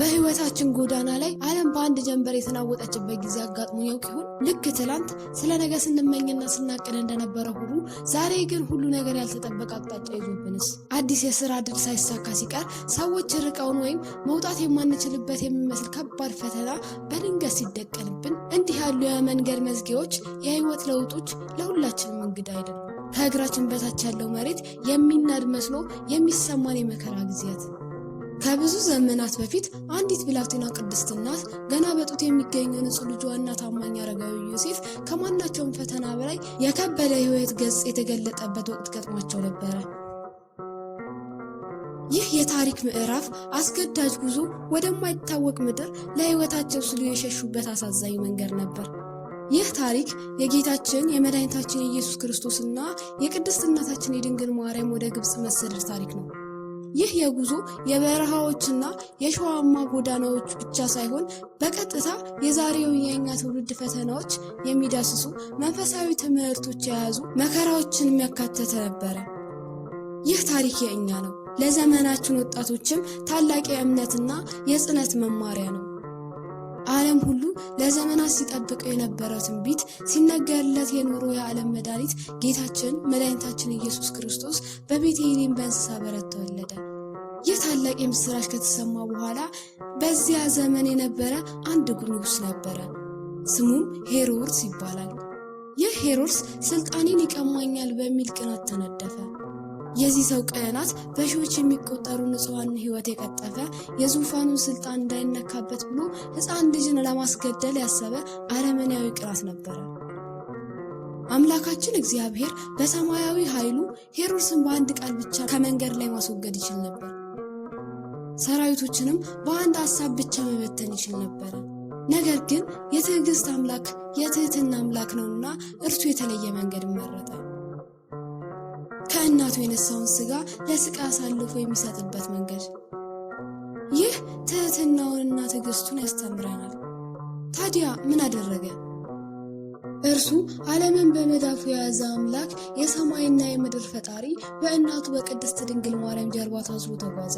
በህይወታችን ጎዳና ላይ ዓለም በአንድ ጀንበር የተናወጠችበት ጊዜ አጋጥሞ ያውቅ ይሆን? ልክ ትላንት ስለ ነገ ስንመኝና ስናቅድ እንደነበረ ሁሉ ዛሬ ግን ሁሉ ነገር ያልተጠበቀ አቅጣጫ ይዞብንስ አዲስ የስራ ድል ሳይሳካ ሲቀር ሰዎች ርቀውን ወይም መውጣት የማንችልበት የሚመስል ከባድ ፈተና በድንገት ሲደቀንብን እንዲህ ያሉ የመንገድ መዝጊያዎች፣ የህይወት ለውጦች ለሁላችንም እንግዳ አይደለም። ከእግራችን በታች ያለው መሬት የሚናድ መስሎ የሚሰማን የመከራ ጊዜያት ከብዙ ዘመናት በፊት አንዲት ብላቴና ቅድስት እናት ገና በጡት የሚገኘው ንጹሕ ልጇና ታማኝ አረጋዊ ዮሴፍ ከማናቸውም ፈተና በላይ የከበደ ህይወት ገጽ የተገለጠበት ወቅት ገጥሟቸው ነበረ። ይህ የታሪክ ምዕራፍ አስገዳጅ ጉዞ ወደማይታወቅ ምድር ለህይወታቸው ስሉ የሸሹበት አሳዛኝ መንገድ ነበር። ይህ ታሪክ የጌታችን የመድኃኒታችን የኢየሱስ ክርስቶስና የቅድስት እናታችን የድንግል ማርያም ወደ ግብፅ መሰደድ ታሪክ ነው። ይህ የጉዞ የበረሃዎችና የሸዋማ ጎዳናዎች ብቻ ሳይሆን በቀጥታ የዛሬውን የእኛ ትውልድ ፈተናዎች የሚዳስሱ መንፈሳዊ ትምህርቶች የያዙ መከራዎችን የሚያካተተ ነበረ። ይህ ታሪክ የእኛ ነው። ለዘመናችን ወጣቶችም ታላቅ የእምነትና የጽነት መማሪያ ነው። ዓለም ሁሉ ለዘመናት ሲጠብቀው የነበረው ትንቢት ሲነገርለት የኑሮ የዓለም መድኃኒት ጌታችን መድኃኒታችን ኢየሱስ ክርስቶስ በቤተልሔም በእንስሳ በረት ተወለደ። ይህ ታላቅ የምስራች ከተሰማ በኋላ በዚያ ዘመን የነበረ አንድ ጉ ነበረ። ስሙም ሄሮድስ ይባላል። ይህ ሄሮድስ ስልጣኔን ይቀማኛል በሚል ቅናት ተነደፈ። የዚህ ሰው ቅናት በሺዎች የሚቆጠሩ ንጹሐን ህይወት የቀጠፈ የዙፋኑን ስልጣን እንዳይነካበት ብሎ ህፃን ልጅን ለማስገደል ያሰበ አረመኔያዊ ቅናት ነበረ። አምላካችን እግዚአብሔር በሰማያዊ ኃይሉ ሄሮድስን በአንድ ቃል ብቻ ከመንገድ ላይ ማስወገድ ይችል ነበር። ሰራዊቶችንም በአንድ ሀሳብ ብቻ መበተን ይችል ነበረ። ነገር ግን የትዕግስት አምላክ የትህትና አምላክ ነውና እርሱ የተለየ መንገድ መረጠ። ከእናቱ የነሳውን ስጋ ለስቃይ አሳልፎ የሚሰጥበት መንገድ። ይህ ትህትናውንና ትዕግስቱን ያስተምረናል። ታዲያ ምን አደረገ? እርሱ ዓለምን በመዳፉ የያዘ አምላክ የሰማይና የምድር ፈጣሪ በእናቱ በቅድስት ድንግል ማርያም ጀርባ ታዝሎ ተጓዘ።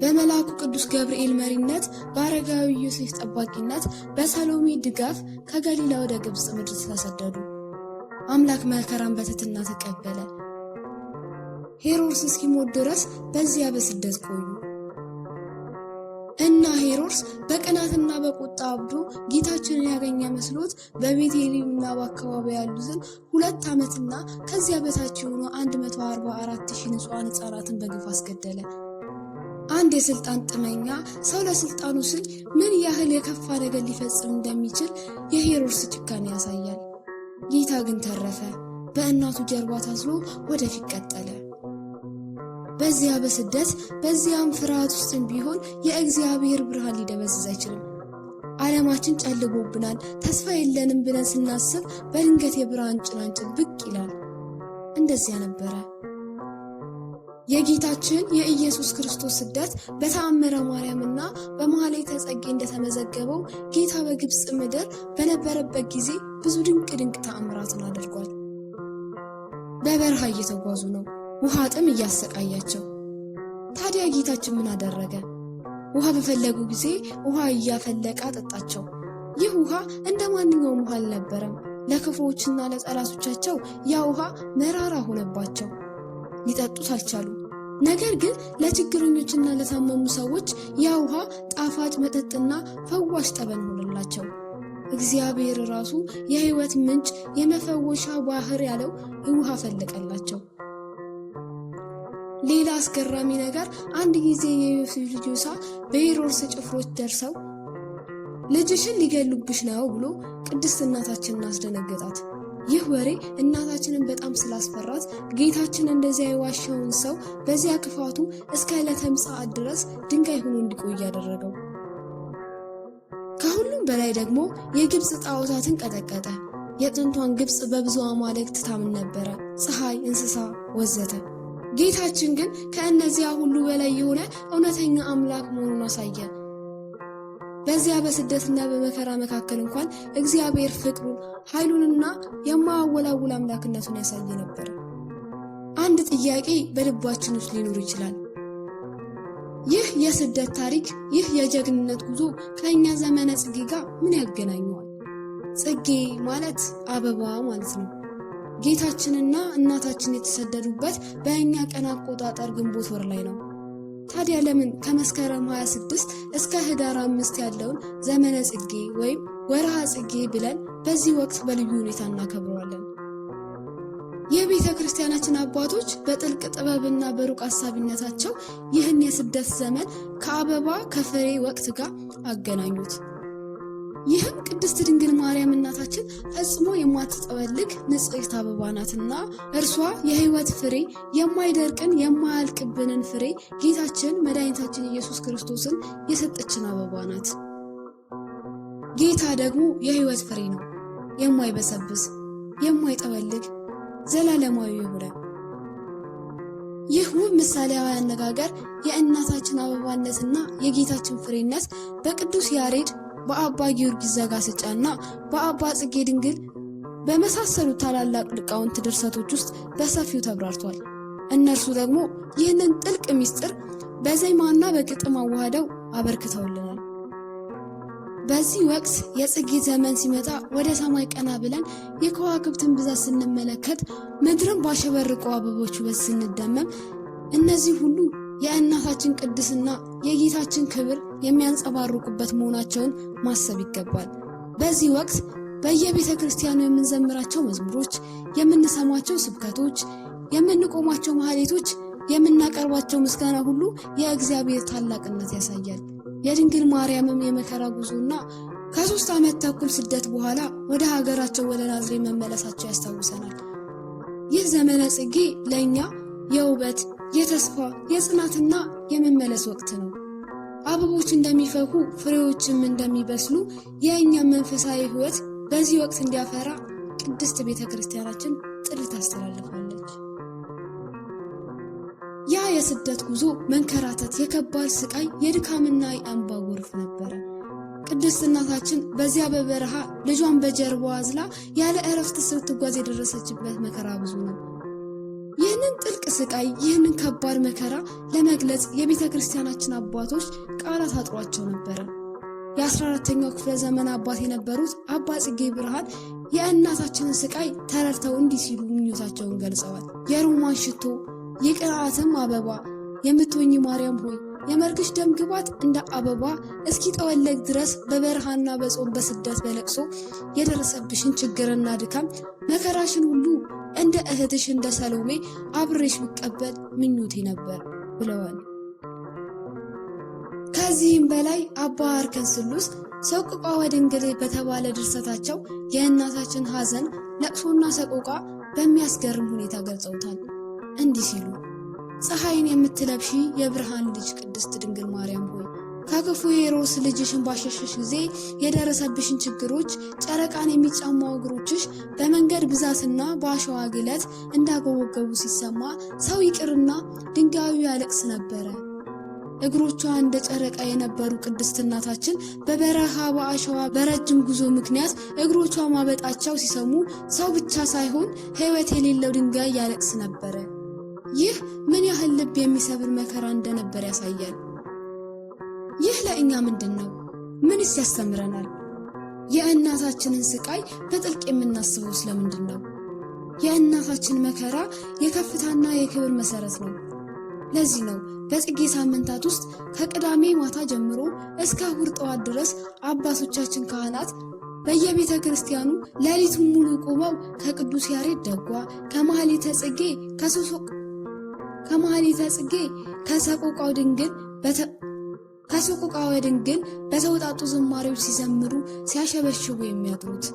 በመልአኩ ቅዱስ ገብርኤል መሪነት በአረጋዊ ዮሴፍ ጠባቂነት በሰሎሜ ድጋፍ ከገሊላ ወደ ግብፅ ምድር ተሰደዱ። አምላክ መከራን በትትና ተቀበለ። ሄሮድስ እስኪሞት ድረስ በዚያ በስደት ቆዩ እና ሄሮድስ በቅናትና በቁጣ አብዶ ጌታችንን ያገኘ መስሎት በቤተልሔምና በአካባቢ ያሉትን ሁለት ዓመትና ከዚያ በታች የሆኑ 144 ሺህ ንጹሐን ሕፃናትን በግፍ አስገደለ። አንድ የስልጣን ጥመኛ ሰው ለስልጣኑ ስል ምን ያህል የከፋ ነገር ሊፈጽም እንደሚችል የሄሮድስ ጭካኔ ያሳያል። ጌታ ግን ተረፈ። በእናቱ ጀርባ ታስሮ ወደፊት ቀጠለ። በዚያ በስደት በዚያም ፍርሃት ውስጥም ቢሆን የእግዚአብሔር ብርሃን ሊደበዝዝ አይችልም። ዓለማችን ጨልጎብናል ተስፋ የለንም ብለን ስናስብ በድንገት የብርሃን ጭላንጭል ብቅ ይላል። እንደዚያ ነበረ። የጌታችን የኢየሱስ ክርስቶስ ስደት በተአምረ ማርያምና በማኅሌተ ጽጌ እንደተመዘገበው ጌታ በግብፅ ምድር በነበረበት ጊዜ ብዙ ድንቅ ድንቅ ተአምራትን አድርጓል። በበረሃ እየተጓዙ ነው፣ ውሃ ጥም እያሰቃያቸው። ታዲያ ጌታችን ምን አደረገ? ውሃ በፈለጉ ጊዜ ውሃ እያፈለቀ አጠጣቸው። ይህ ውሃ እንደ ማንኛውም ውሃ አልነበረም። ለክፉዎችና ለጠላቶቻቸው ያ ውሃ መራራ ሆነባቸው። ሊጠጡት አልቻሉ። ነገር ግን ለችግረኞችና ለታመሙ ሰዎች ያ ውሃ ጣፋጭ መጠጥና ፈዋሽ ጠበል ሆነላቸው። እግዚአብሔር ራሱ የሕይወት ምንጭ የመፈወሻ ባህር ያለው ውሃ ፈለቀላቸው። ሌላ አስገራሚ ነገር አንድ ጊዜ የዮሴሳ በሄሮድስ ጭፍሮች ደርሰው ልጅሽን ሊገሉብሽ ነው ብሎ ቅድስት እናታችንን አስደነገጣት። ይህ ወሬ እናታችንን በጣም ስላስፈራት ጌታችን እንደዚያ የዋሸውን ሰው በዚያ ክፋቱ እስከ ዕለተ ምጽአት ድረስ ድንጋይ ሆኖ እንዲቆይ ያደረገው። ከሁሉም በላይ ደግሞ የግብፅ ጣዖታትን ቀጠቀጠ። የጥንቷን ግብፅ በብዙ አማልክት ታምን ነበረ፣ ፀሐይ፣ እንስሳ ወዘተ። ጌታችን ግን ከእነዚያ ሁሉ በላይ የሆነ እውነተኛ አምላክ መሆኑን አሳየን። በዚያ በስደትና በመከራ መካከል እንኳን እግዚአብሔር ፍቅሩን ኃይሉንና የማያወላውል አምላክነቱን ያሳየ ነበር። አንድ ጥያቄ በልባችን ውስጥ ሊኖር ይችላል። ይህ የስደት ታሪክ፣ ይህ የጀግንነት ጉዞ ከእኛ ዘመነ ጽጌ ጋር ምን ያገናኘዋል? ጽጌ ማለት አበባ ማለት ነው። ጌታችንና እናታችን የተሰደዱበት በእኛ ቀን አቆጣጠር ግንቦት ወር ላይ ነው። ታዲያ ለምን ከመስከረም 26 እስከ ህዳር አምስት ያለውን ዘመነ ጽጌ ወይም ወርሃ ጽጌ ብለን በዚህ ወቅት በልዩ ሁኔታ እናከብረዋለን? የቤተ ክርስቲያናችን አባቶች በጥልቅ ጥበብና በሩቅ ሀሳቢነታቸው ይህን የስደት ዘመን ከአበባ ከፍሬ ወቅት ጋር አገናኙት። ይህም ቅድስት ድንግል ማርያም እናታችን ፈጽሞ የማትጠወልግ ንጽሕት አበባ ናትና እርሷ የህይወት ፍሬ የማይደርቅን የማያልቅብንን ፍሬ ጌታችን መድኃኒታችን ኢየሱስ ክርስቶስን የሰጠችን አበባ ናት። ጌታ ደግሞ የህይወት ፍሬ ነው፣ የማይበሰብስ የማይጠወልግ ዘላለማዊ የሆነ ይህ ውብ ምሳሌያዊ አነጋገር የእናታችን አበባነትና የጌታችን ፍሬነት በቅዱስ ያሬድ በአባ ጊዮርጊስ ዘጋስጫና በአባ ጽጌ ድንግል በመሳሰሉ ታላላቅ ልቃውንት ድርሰቶች ውስጥ በሰፊው ተብራርቷል። እነርሱ ደግሞ ይህንን ጥልቅ ምስጢር በዜማና በግጥም አዋህደው አበርክተውልናል። በዚህ ወቅት የጽጌ ዘመን ሲመጣ ወደ ሰማይ ቀና ብለን የከዋክብትን ብዛት ስንመለከት፣ ምድርን ባሸበርቁ አበቦች ውበት ስንደመም እነዚህ ሁሉ የእናታችን ቅድስና የጌታችን ክብር የሚያንጸባርቁበት መሆናቸውን ማሰብ ይገባል። በዚህ ወቅት በየቤተ ክርስቲያኑ የምንዘምራቸው መዝሙሮች፣ የምንሰማቸው ስብከቶች፣ የምንቆማቸው ማህሌቶች፣ የምናቀርባቸው ምስጋና ሁሉ የእግዚአብሔር ታላቅነት ያሳያል። የድንግል ማርያምም የመከራ ጉዞና ከሶስት ዓመት ተኩል ስደት በኋላ ወደ ሀገራቸው ወደ ናዝሬ መመለሳቸው ያስታውሰናል። ይህ ዘመነ ጽጌ ለእኛ የውበት የተስፋ የጽናትና የመመለስ ወቅት ነው። አበቦች እንደሚፈኩ ፍሬዎችም እንደሚበስሉ የእኛም መንፈሳዊ ሕይወት በዚህ ወቅት እንዲያፈራ ቅድስት ቤተ ክርስቲያናችን ጥሪ ታስተላልፋለች። ያ የስደት ጉዞ መንከራተት፣ የከባድ ስቃይ፣ የድካምና የአንባ ጎርፍ ነበረ። ቅድስት እናታችን በዚያ በበረሃ ልጇን በጀርባ አዝላ ያለ እረፍት ስትጓዝ የደረሰችበት መከራ ብዙ ነው። ስቃይ፣ ይህንን ከባድ መከራ ለመግለጽ የቤተ ክርስቲያናችን አባቶች ቃላት አጥሯቸው ነበረ። የ14ተኛው ክፍለ ዘመን አባት የነበሩት አባ ጽጌ ብርሃን የእናታችንን ስቃይ ተረድተው እንዲህ ሲሉ ምኞታቸውን ገልጸዋል። የሮማን ሽቶ የቅንዓትም አበባ የምትወኝ ማርያም ሆይ የመርግሽ ደም ግባት እንደ አበባ እስኪ ጠወለግ ድረስ በበረሃና በጾም በስደት በለቅሶ የደረሰብሽን ችግርና ድካም መከራሽን ሁሉ እንደ እህትሽ እንደ ሰሎሜ አብሬሽ ብቀበል ምኞቴ ነበር ብለዋል። ከዚህም በላይ አባ አርከን ስሉስ ሰቆቃ ወድንግል በተባለ ድርሰታቸው የእናታችን ሐዘን ለቅሶና ሰቆቃ በሚያስገርም ሁኔታ ገልጸውታል። እንዲህ ሲሉ ፀሐይን የምትለብሺ የብርሃን ልጅ ቅድስት ድንግል ማርያም ሆይ ከክፉ የሮስ ልጅሽን ባሸሸሽ ጊዜ የደረሰብሽን ችግሮች ጨረቃን የሚጫማው እግሮችሽ በመንገድ ብዛትና በአሸዋ ግለት እንዳጎበገቡ ሲሰማ ሰው ይቅርና ድንጋዩ ያለቅስ ነበረ። እግሮቿ እንደ ጨረቃ የነበሩ ቅድስት እናታችን በበረሃ በአሸዋ በረጅም ጉዞ ምክንያት እግሮቿ ማበጣቸው ሲሰሙ ሰው ብቻ ሳይሆን ሕይወት የሌለው ድንጋይ ያለቅስ ነበረ። ይህ ምን ያህል ልብ የሚሰብር መከራ እንደነበር ያሳያል። ይህ ለእኛ ምንድን ነው? ምንስ ያስተምረናል? የእናታችንን ስቃይ በጥልቅ የምናስበው ስለምንድን ነው? የእናታችን መከራ የከፍታና የክብር መሰረት ነው። ለዚህ ነው በጽጌ ሳምንታት ውስጥ ከቅዳሜ ማታ ጀምሮ እስከ እሑድ ጠዋት ድረስ አባቶቻችን ካህናት በየቤተ ክርስቲያኑ ሌሊቱን ሙሉ ቆመው ከቅዱስ ያሬድ ደጓ፣ ከማኅሌተ ጽጌ፣ ከሶሶቅ ከመኃልየ ጽጌ ከሰቆቃወ ድንግል ከሰቆቃወ ድንግል በተውጣጡ ዝማሬዎች ሲዘምሩ ሲያሸበሽቡ የሚያጥሩት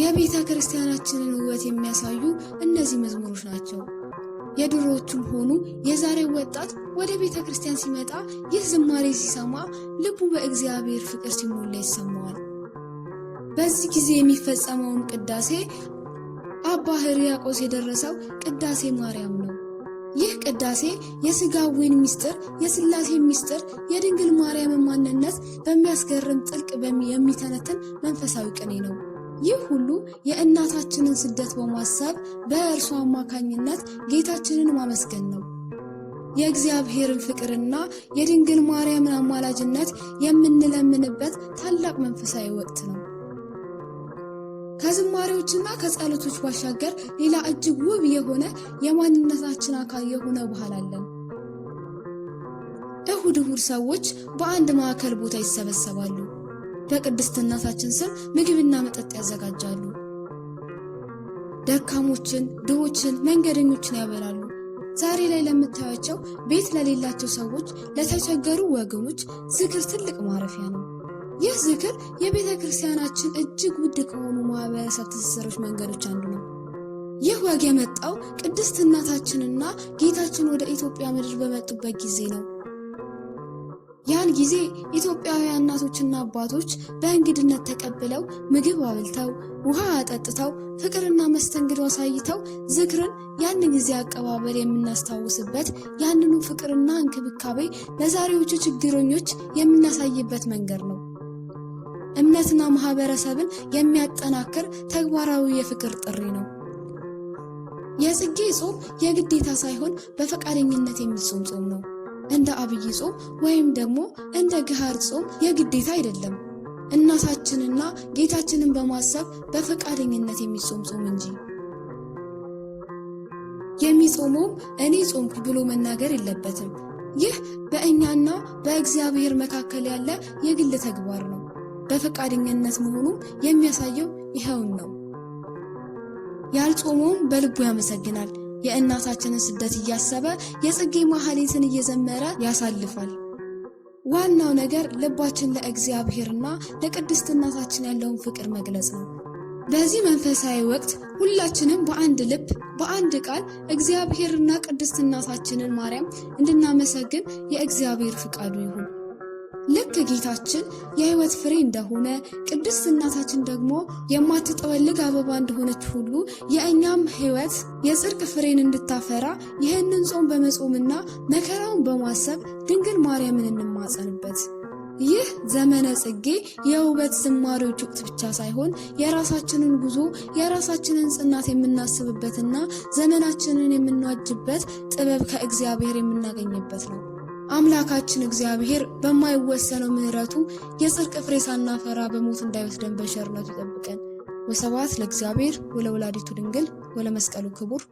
የቤተ ክርስቲያናችንን ውበት የሚያሳዩ እነዚህ መዝሙሮች ናቸው። የድሮዎቹም ሆኑ የዛሬው ወጣት ወደ ቤተ ክርስቲያን ሲመጣ ይህ ዝማሬ ሲሰማ ልቡ በእግዚአብሔር ፍቅር ሲሞላ ይሰማዋል። በዚህ ጊዜ የሚፈጸመውን ቅዳሴ አባ ሕርያቆስ የደረሰው ቅዳሴ ማርያም ነው። ይህ ቅዳሴ ወይን ምስጢር፣ የስላሴ ምስጢር፣ የድንግል ማርያምን ማንነት በሚያስገርም ጥልቅ የሚተነትን መንፈሳዊ ቅኔ ነው። ይህ ሁሉ የእናታችንን ስደት በማሰብ በእርሱ አማካኝነት ጌታችንን ማመስገን ነው። የእግዚአብሔርን ፍቅርና የድንግል ማርያምን አማላጅነት የምንለምንበት ታላቅ መንፈሳዊ ወቅት ነው። ከዝማሬዎችና ከጸሎቶች ባሻገር ሌላ እጅግ ውብ የሆነ የማንነታችን አካል የሆነ ባህል አለን። እሁድ እሁድ ሰዎች በአንድ ማዕከል ቦታ ይሰበሰባሉ። በቅድስት እናታችን ስም ምግብና መጠጥ ያዘጋጃሉ። ደካሞችን፣ ድሆችን፣ መንገደኞችን ያበላሉ። ዛሬ ላይ ለምታያቸው ቤት ለሌላቸው ሰዎች፣ ለተቸገሩ ወገኖች ዝክር ትልቅ ማረፊያ ነው። ይህ ዝክር የቤተ ክርስቲያናችን እጅግ ውድ ከሆኑ ማህበረሰብ ትስስሮች መንገዶች አንዱ ነው። ይህ ወግ የመጣው ቅድስት እናታችንና ጌታችን ወደ ኢትዮጵያ ምድር በመጡበት ጊዜ ነው። ያን ጊዜ ኢትዮጵያውያን እናቶችና አባቶች በእንግድነት ተቀብለው ምግብ አብልተው ውሃ አጠጥተው ፍቅርና መስተንግዶ አሳይተው ዝክርን ያን ጊዜ አቀባበል የምናስታውስበት ያንኑ ፍቅርና እንክብካቤ ለዛሬዎቹ ችግረኞች የምናሳይበት መንገድ ነው። እምነትና ማህበረሰብን የሚያጠናክር ተግባራዊ የፍቅር ጥሪ ነው። የጽጌ ጾም የግዴታ ሳይሆን በፈቃደኝነት የሚጾም ጾም ነው። እንደ አብይ ጾም ወይም ደግሞ እንደ ግሃር ጾም የግዴታ አይደለም። እናታችንና ጌታችንን በማሰብ በፈቃደኝነት የሚጾም ጾም እንጂ የሚጾመውም እኔ ጾምኩ ብሎ መናገር የለበትም። ይህ በእኛና በእግዚአብሔር መካከል ያለ የግል ተግባር ነው። በፈቃደኝነት መሆኑ የሚያሳየው ይኸውን ነው። ያልጾመውም በልቡ ያመሰግናል። የእናታችንን ስደት እያሰበ የጽጌ ማኅሌትን እየዘመረ ያሳልፋል። ዋናው ነገር ልባችን ለእግዚአብሔርና ለቅድስት እናታችን ያለውን ፍቅር መግለጽ ነው። በዚህ መንፈሳዊ ወቅት ሁላችንም በአንድ ልብ በአንድ ቃል እግዚአብሔርና ቅድስት እናታችንን ማርያም እንድናመሰግን የእግዚአብሔር ፍቃዱ ይሁን። ልክ ጌታችን የህይወት ፍሬ እንደሆነ ቅድስት እናታችን ደግሞ የማትጠወልግ አበባ እንደሆነች ሁሉ የእኛም ህይወት የጽድቅ ፍሬን እንድታፈራ ይህንን ጾም በመጾምና መከራውን በማሰብ ድንግል ማርያምን እንማጸንበት። ይህ ዘመነ ጽጌ የውበት ዝማሬዎች ወቅት ብቻ ሳይሆን የራሳችንን ጉዞ የራሳችንን ጽናት የምናስብበትና ዘመናችንን የምንዋጅበት ጥበብ ከእግዚአብሔር የምናገኝበት ነው። አምላካችን እግዚአብሔር በማይወሰነው ምሕረቱ የጽድቅ ፍሬ ሳናፈራ በሞት እንዳይወስደን በቸርነቱ ይጠብቀን። ወስብሐት ለእግዚአብሔር ወለወላዲቱ ድንግል ወለመስቀሉ ክቡር